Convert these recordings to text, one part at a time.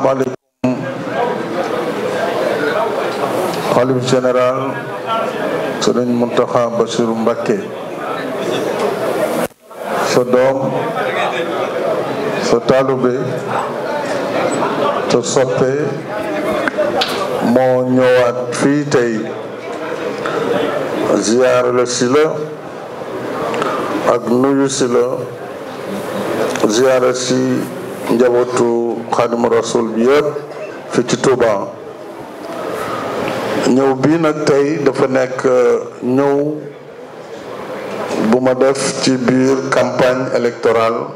maaleykum xalif général sëriñ Muntaxa Basiru Mbakke sa doom sa taalube sa soppe moo ñëwaat fii tey ziyaar la si ak nuyu si la si njabootu xaadimu rasul bi yëpp fi ci Touba ñëw bii nag tey dafa nekk uh, ñëw bu ma def ci biir campagne électorale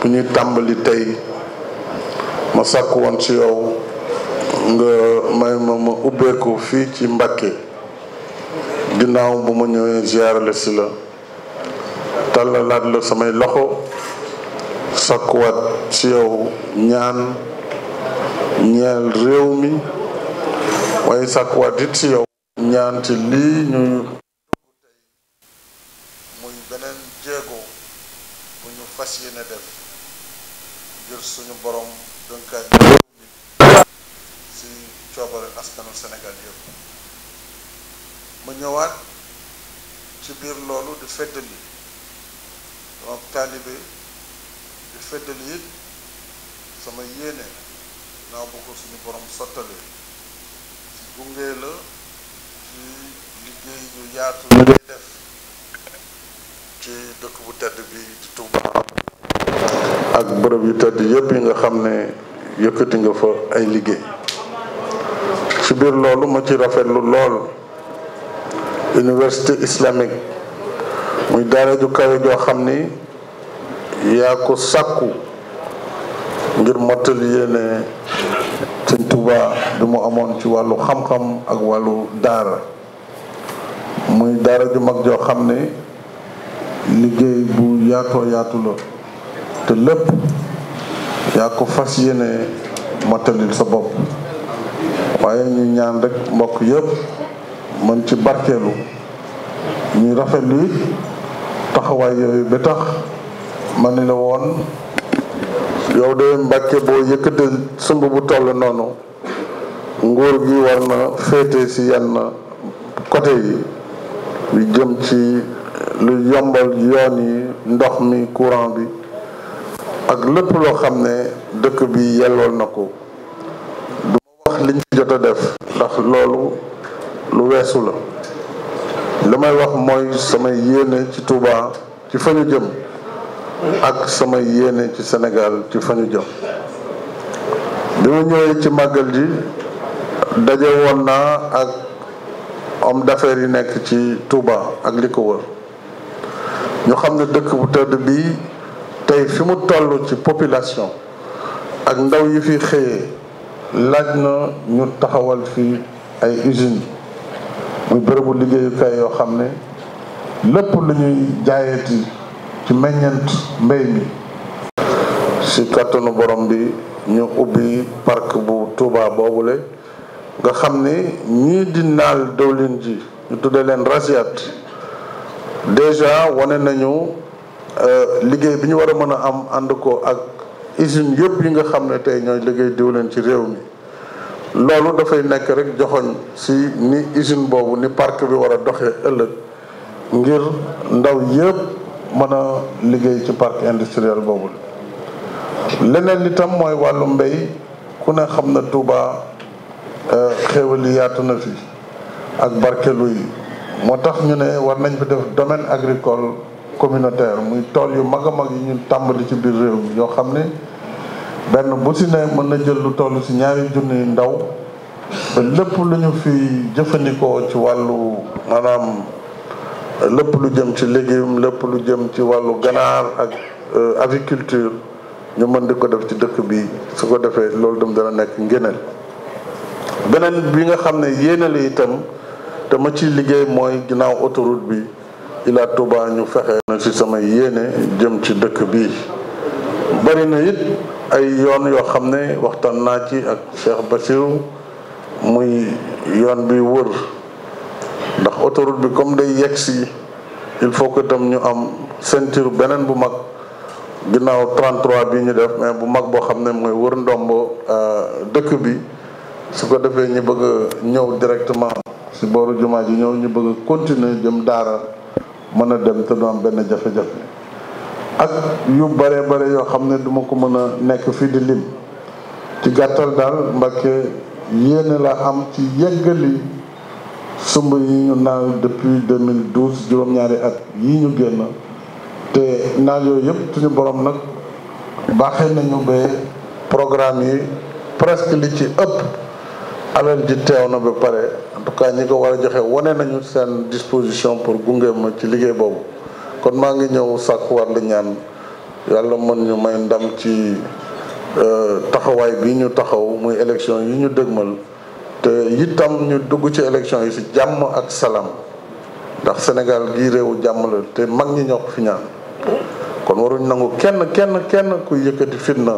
bu ñuy tàmbali tey ma sàkk woon ci yow nga may ma ma ubbeeku fii ci Mbàkke ginnaaw bu ma ñëwee ziarale si la tàllalaat la samay loxo sakkuwaat ci yow ñaan ñeel réew mi waaye sakkuwaat it ci yow ñaan ci ñuy beneen jéego bu ñu fas yéene def ngir suñu boroom dënkaay réew mi ci coobare askanu Sénégal yëpp ma ñëwaat ci biir loolu di feddali donc taalibe di sama yéene la ci liggéey yu ak bërëb yu tëdd yépp yi nga xam ne yëkkati nga fa ay liggéey ci biir loolu ma ci rafet lu lool université islamique muy daara ju kawe joo xam ni yaa ko sàkku ngir mottal yéene sëñ Tuubaa bi mu amoon ci wàllu xam-xam ak wàllu daara muy daara ju mag joo xam ne liggéey bu yaatoo yaatu te lépp yaa ko fas yéene mottalil sa bopp waaye ñu ñaan rekk mbokk yépp mën ci barkeelu ñuy rafetlu taxawaay yooyu ba tax man ne la woon yow de Mbàkke boo yëkkatee sumb bu toll noonu nguur gi war na féete ci yenn côté yi lu jëm ci lu yombal yoon yi ndox mi courant bi ak lépp loo xam ne dëkk bi yellool na ko du ma wax liñ ci jot a def ndax loolu lu weesu la li may wax mooy samay yéene ci Touba ci fa jëm ak sama yéene ci Sénégal ci fa ñu jëm bi mu ñëwee ci màggal ji daje woon naa ak homme d'affaires yi nekk ci tuuba ak li ko wër ñu xam ne dëkk bu tëdd bii tey fi mu toll ci population ak ndaw yi fi xëyee laaj na ñu taxawal fi ay usine usines muy bërëbu liggéeyukaay yoo xam ne lépp lu ñuy jaayeeti ci meññeent mbéy mi si kàttanu borom bi ñu ubbi park bu boobu boobule nga xam ni ñii di naal dëwlin ji ñu tuddee leen rasiat déjà wane nañu euh, liggéey bi ñu war a mën a am ànd ko ak usine yëpp yi nga xam ne tey ñooy liggéey diwlin ci réew mi loolu dafay nekk rek joxoñ si ni usine boobu ni park bi war a doxee ëllëg ngir ndaw yëpp mën a liggéey ci parc industriel boobu leneen itam mooy wàllu mbéy ku ne xam na Touba euh, xéewal yi yaatu na fi ak barkellu yi moo tax ñu ne war nañ fi def domaine agricole communautaire muy tool yu mag a mag yi ñu tàmbali ci biir réew mi yoo xam ne benn bu si ne mën na jël lu toll si ñaari junni yu ndaw ba lépp lu ñu fi jëfandikoo ci wàllu maanaam lépp lu jëm ci légume lépp lu jëm ci wàllu ganaar ak euh, agriculture ñu mën di ko def ci dëkk bi su ko defee loolu itam dana nekk ngëneel beneen bi nga xam ne yéene la itam te ma ci liggéey mooy ginnaaw autoroute bi Ila Touba ñu fexe na ci sama yéene jëm ci dëkk bi bari na it ay yoon yoo xam ne waxtaan naa ci ak Cheikh Bassirou muy yoon bi wër autoroute bi comme day yegg si il faut que tam ñu am ceinture beneen bu mag ginnaaw 33 bi ñu def mais bu mag boo xam ne mooy wër ndombo euh, dëkk bi su ko defee ñu bëgg a ñëw directement si booru jumaa ji ñëw ñu bëgg a continuer jëm daara mën a dem te du am benn jafe-jafe ak yu bare bare yoo xam ne duma ko mën a nekk fii di lim ci gàttal daal Mbàkke yéene la am ci yëggali sumb yi ñu naal depuis 2012 juróom-ñaari at yii ñu génn te naal yooyu yëpp suñu borom nag baaxee nañu ba programme yi presque li ci ëpp alal ji teew na ba pare en tout cas ñi ko war a joxe wane nañu seen disposition pour gunge ma ci liggéey boobu kon maa ngi ñëw sàkk war la ñaan yàlla mën ñu may ndam ci euh, taxawaay bi ñu taxaw muy élection yi ñu dëgmal te itam ñu dugg ci élection yi si jàmm ak salaam ndax Sénégal gii réewu jàmm la te mag ñi ñoo ko fi ñaan kon waruñ nangu kenn kenn kenn ku yëkkati fitna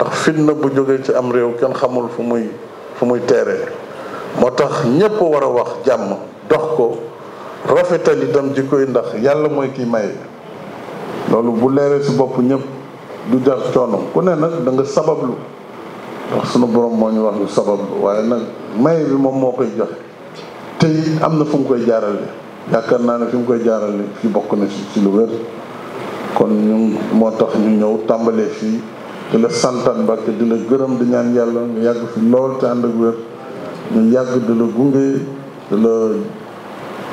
ndax fitna bu jógee ci am réew kenn xamul fu muy fu muy teeree moo tax ñépp war a wax jàmm dox ko rafetal itam jikko yi ndax yàlla mooy kii maye loolu bu leeree si bopp ñëpp du jar coono ku ne nag da sabablu ndax sunu borom moo ñu wax lu sabab waaye nag maye bi moom moo koy joxe tey am na fu mu koy jaarale yaakaar naa ne fi mu koy jaarale fii bokk na ci ci lu wér kon ñu moo tax ñu ñëw tàmbalee fii di la santaan Mbàkke di la gërëm di ñaan yàlla ñu yàgg fi lool ci ànd ak wér ñu yàgg di la gunge di la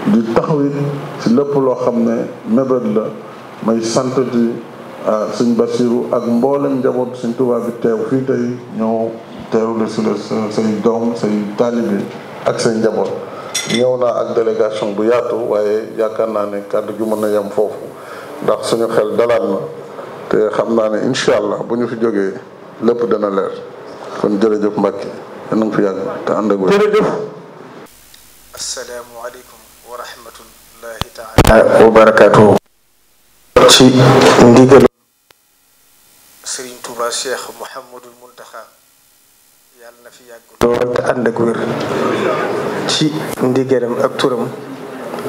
di taxawit ci lépp loo xam ne mébét la may sant di Ah, sëñ Bassirou ak mboolem njaboot sëñ Touba bi teew fii tey ñëw teeru la si la say doom say taalibe ak say njaboot ñëw naa ak délégation bu yaatu waaye yaakaar naa ne kàddu gi mën na yem foofu ndax suñu xel dalaat na te xam naa ne incha allah bu ñu fi jógee lépp dana leer kon jërëjëf Mbacke yéen a ngi fi yàgg te ànd ak wér. ci ndigal sëriñ Touba Cheikh Mouhamadul Muntaxa yàlla na fi yàgg lool te ànd ak wér ci ndigalam ak turam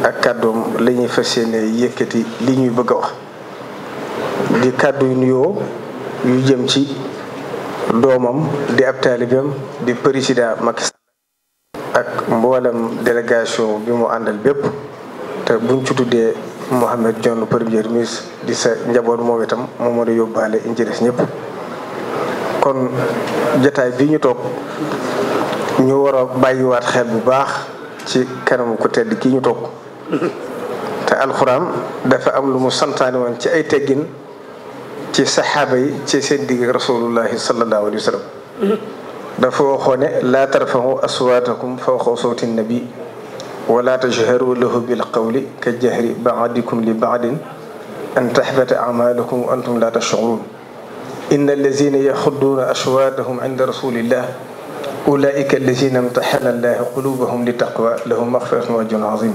ak kàddoom lañuy ñuy fas yéene yëkkati li ñuy bëgg a wax di kàddu yu nuyoo yu jëm ci doomam di ab taalibeem di président Macky Sall ak mboolem délégation bi mu àndal bépp te buñ ci Mouhamed Dionne premier ministre di sa njaboot moom itam moo mën a yóbbaale ñi ci des ñëpp kon jataay bi ñu toog ñu war a bàyyiwaat xel bu baax ci kanamu ku tedd kii ñu toog te alxuraam dafa am lu mu santaane woon ci ay teggin ci saxaaba yi ci seen digg rasulullahi sallallahu alayhi wa dafa waxoo ne laa tarfahu aswaatakum fawqa sawti nabi wala tajharu lahu bil qawli ka jahri baadikum li baadin an tahbata amalukum wa antum la tash'urun inna allazina yaxudduuna aswaatahum inda rasulillah ulaika allazina imtaxana allahu qulubahum li taqwa lahum maxfiratun wa ajrun azim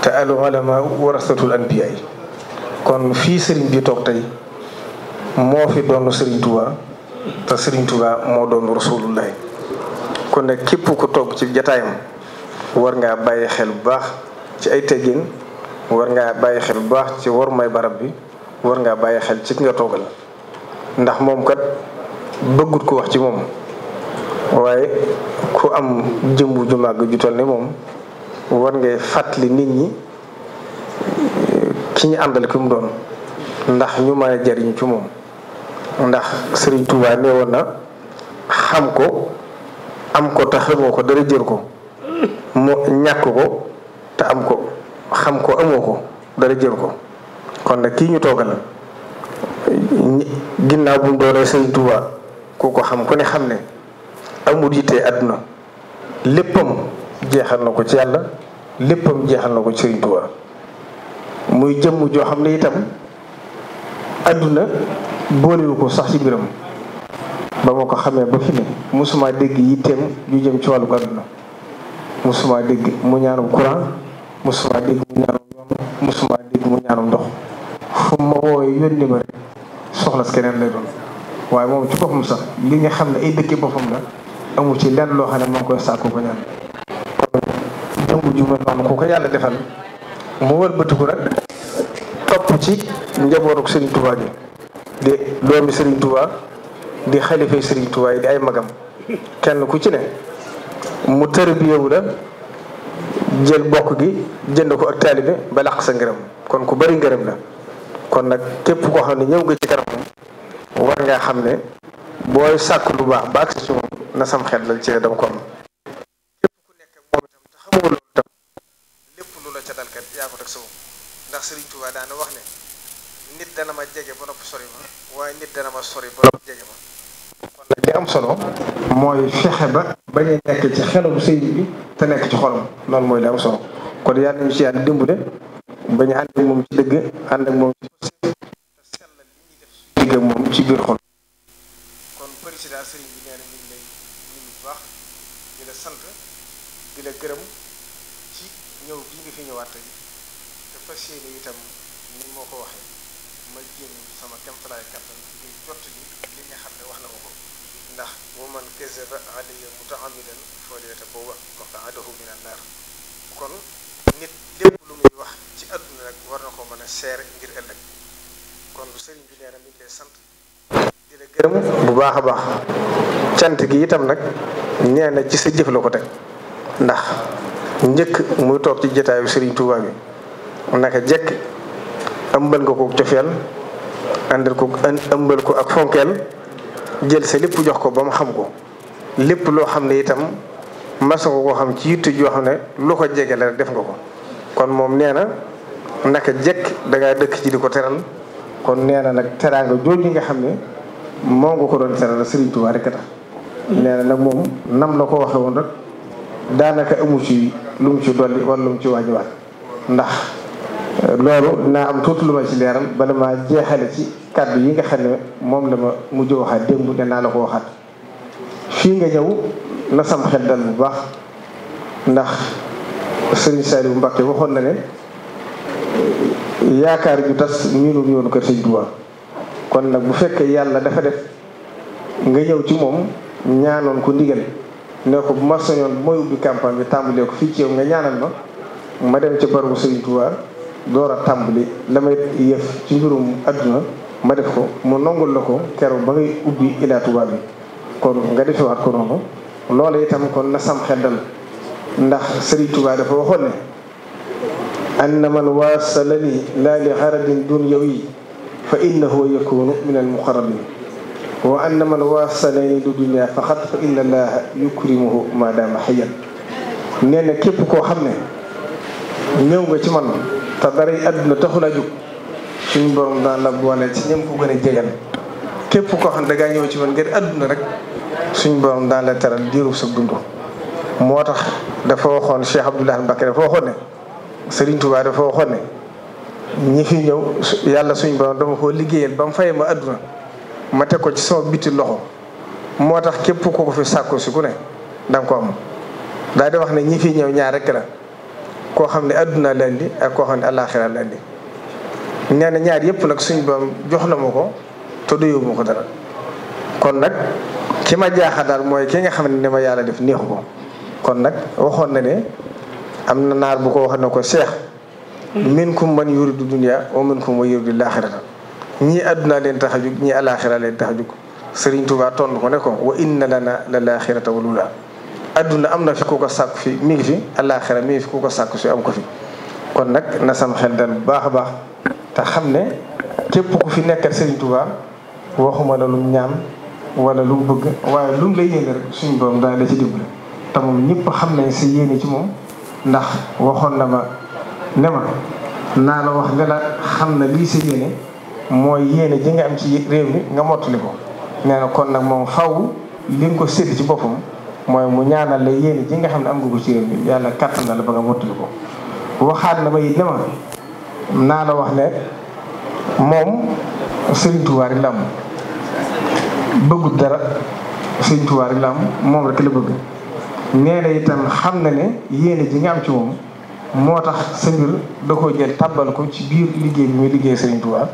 te al ulama warasatul anbiya kon fii sëriñ bi toog tey moo fi doon sëriñ Tuubaa te sëriñ Tuubaa moo doon rasulullahi kon nag képp ku toog ci jataayam war ngaa bàyyi xel bu baax ci ay teggin war ngaa bàyyi xel bu baax ci war may barab bi war ngaa bàyyi xel ci ki nga toogal ndax moom kat bëggut ko wax ci moom waaye ku am jëmbu ju màgg ju toll ne moom war ngay fàttali nit ñi ki ñu àndal ki mu doon ndax ñu mën a jariñ ci moom ndax Sëriñ Tuubaa nee na xam ko am ko taxamoo ko dara jër ko moo ñàkk ko te am ko xam ko amoo ko dara jël ko kon nag kii ñu toogal ginnaaw bu mu doonee sëñ Tuubaa ku ko xam ko ne xam ne amul yitte àdduna léppam jeexal na ko ci yàlla léppam jeexal na ko ci sëñ Tuubaa muy jëmm joo xam ne itam àdduna boolewu ko sax ci biram ba ma ko xamee ba fi ne mosuma dégg yitteem ñu jëm ci wàllu àdduna musuma dégg mu ñaanum courant musuma dégg mu ñaanum yoon suma dégg mu ñaanum ndox fu ma wooyee yónni ma rek soxla si keneen lay doon waaye moom ci boppam sax li nga xam ne ay dëkki boppam la amu ci lenn loo xam ne moo koy sàkku ko ñaan kon jëngu ju mel noonu ko yàlla defal mu wëlbatiku rek topp ci njabootu Serigne Touba ji di doomi Serigne Touba di xalifa Serigne Touba yi di ay magam kenn ku ci ne mu tërbiyewu la jël bokk gi jënd ko ak taalibe ba làq sa ngërëm kon ku bari ngërëm la kon nag képp koo xam ne ñëw nga ci kanam war ngaa xam ne booy sàkk lu baax ba agsi ci moom na sam xel la ci ne dama ku nekk itam te xamoo tam lépp lu la ca dalkat ko teg sa ndax Sëriñ Tuubaa daana wax ne nit dana ma jege ba nopp sori ma waaye nit dana ma sori ba noppi jege ma kon nag li am solo mooy fexe ba bañ a nekk ci xelum sëy bi te nekk ci xolam loolu mooy li am solo kon yàlla nañu ci yàlla dimbale bañ ànd moom ci dëgg ànd ak moom ci te sellal li ñuy def digg ak moom ci biir xol kon président sëriñ bi nee na ñu ngi lay nuyu bu la sant di la gërëm ci ñëw bii nga fi ñëwaat tey te fas yéene itam ni moo ko waxee ma jéem sama kéemtalaay kattan ngir jot li nga xam ne wax na ma ko ndax wa man kasaba alayya mutaamidan falyatabawwa maqaadahu min annaar kon nit lépp lu wax ci war na ko mën a seere ngir ëllëg kon lu gërëm bu baax a baax cant gi itam nag nee ci sa jëf la ko teg ndax njëkk muy toog ci jotaayu sëriñ Tuubaa bi naka jekk ëmbal nga ko cofeel àndal ko ëmbal ko ak fonkeel jël sa lépp jox ko ba mu xam ko lépp loo xam ne itam masa ko xam ci yitte joo xam ne loo ko jege la def nga ko kon moom nee na naka jekk da ngaa dëkk ci di ko teral kon nee na nag teraanga jooju nga xam ne moo nga ko doon teral Sëriñ Tuubaa rek a tax nee na nag moom nam la ko waxe woon rek daanaka amu ci lu ci dolli wala lu mu ci wàññiwaat ndax eh, loolu naa am tuuti lu ma ci leeral bala maa jeexale ci kàddu yi nga xam ne moom la ma mujj waxaat démb danaa la ko waxaat nga ñëw na sam xel dal bu baax ndax sëriñ Saliou Mbacké waxoon na ne yaakaar ju tas miinul yoonu kër sëñ Tuubaa kon nag bu fekkee yàlla dafa def nga ñëw ci moom ñaanoon ko ndigal ne ko bu ma soñoon bu may ubbi campagne bi tàmbalee ko fii ci yow nga ñaanal ma ma dem ci barabu sëriñ Tuubaa door a tàmbali damay yëf ci mbirum àdduna ma def ko mu nangul la ko keroog ba ngay ubbi Ila Touba bi kon nga defewaat ko noonu loola itam kon na sam xeddal ndax Serigne Touba dafa waxoon ne anna man waasalani laa li xaradin dunyawi fa innahu yakunu wa anna man waasalani du dunya faqat fa inna yukrimuhu ma dama xayan nee képp koo xam ne ñëw nga ci man te daray àdduna taxu laa jóg suñu borom daan la boole ci ñëm ko gën a képp ko xam ne dangaa ñëw ci man ngir àdduna rek suñu borom daan la teral diiru sa dund moo tax dafa waxoon Cheikh Abdoulaye Mbacké dafa waxoon ne Serigne ne ñi fi ñëw yàlla suñu borom dama koo liggéeyal ba mu fay ma àdduna ma teg ko ci sama biti loxo moo tax képp ku ko fi sàkku si ku ne danga ko am daal di wax ne ñii fi ñëw ñaar rek la koo xam ne àdduna leen di ak koo xam ne àllaaxira leen di nee ñaar yëpp nag suñ boom jox na moo ko te doyoo ma ko dara kon nag ki ma jaaxal daal mooy ki nga xam ne ni ma yàlla def neexu ko kon nag waxoon na ne am na naar bu ko wax na ko seex minkum man yuridu dunya wa minkum man yuridu laaxirata ñii àdduna leen tax a jug ñii alaaxira leen tax a jug sëriñ Tuubaa ko ne ko wa la laaxirata wal uulaa àdduna am na fi ku ko mi ngi fi alaaxira mi ngi sàkku fi am ko fi kon nag na xel dal baax baax te xam ne képp ku fi nekkal Serigne Touba waxuma la lum ñaan wala lu mu bëgg waaye lu mu lay yéene rek suñu doom daal la ci dimbali te moom ñëpp xam nañ si yéene ci moom ndax waxoon na ma ne ma naa la wax ne la xam na lii sa yéene mooy yéene ji nga am ci réew mi nga mottali ko nee na kon nag moom xaw li nga ko sédd ci boppam mooy mu ñaanal la yéene ji nga xam ne am nga ci réew mi yàlla kàttan na la ba nga mottali ko waxaat na ma it ne ma naa la wax ne moom Serigne Touba rek bëggut dara Serigne Touba rek moom rek la bëgg nee na itam xam na ne yéene ji nga am ci moom moo tax sa mbir da koo jël tàbbal ko ci biir liggéey bi muy liggéey Serigne Touba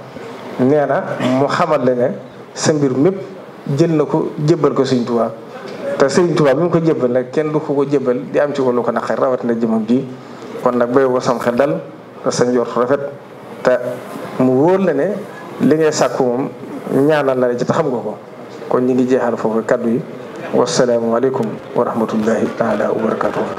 nee na mu xamal la ne sa mépp jël na ko jëbal ko Serigne te Serigne Touba bi mu ko jébbal nag kenn du ko ko jébbal di am ci ko lu ko naqar rawat na jëmam ji kon nag béy wasam xel dal sa njort rafet te mu wóor la ne li ngay sàkku moom ñaanal la ci te xam nga ko kon ñu ngi jeexal foofu kaddu yi wasalaamualeykum wa rahmatullahi taala wa barakatuh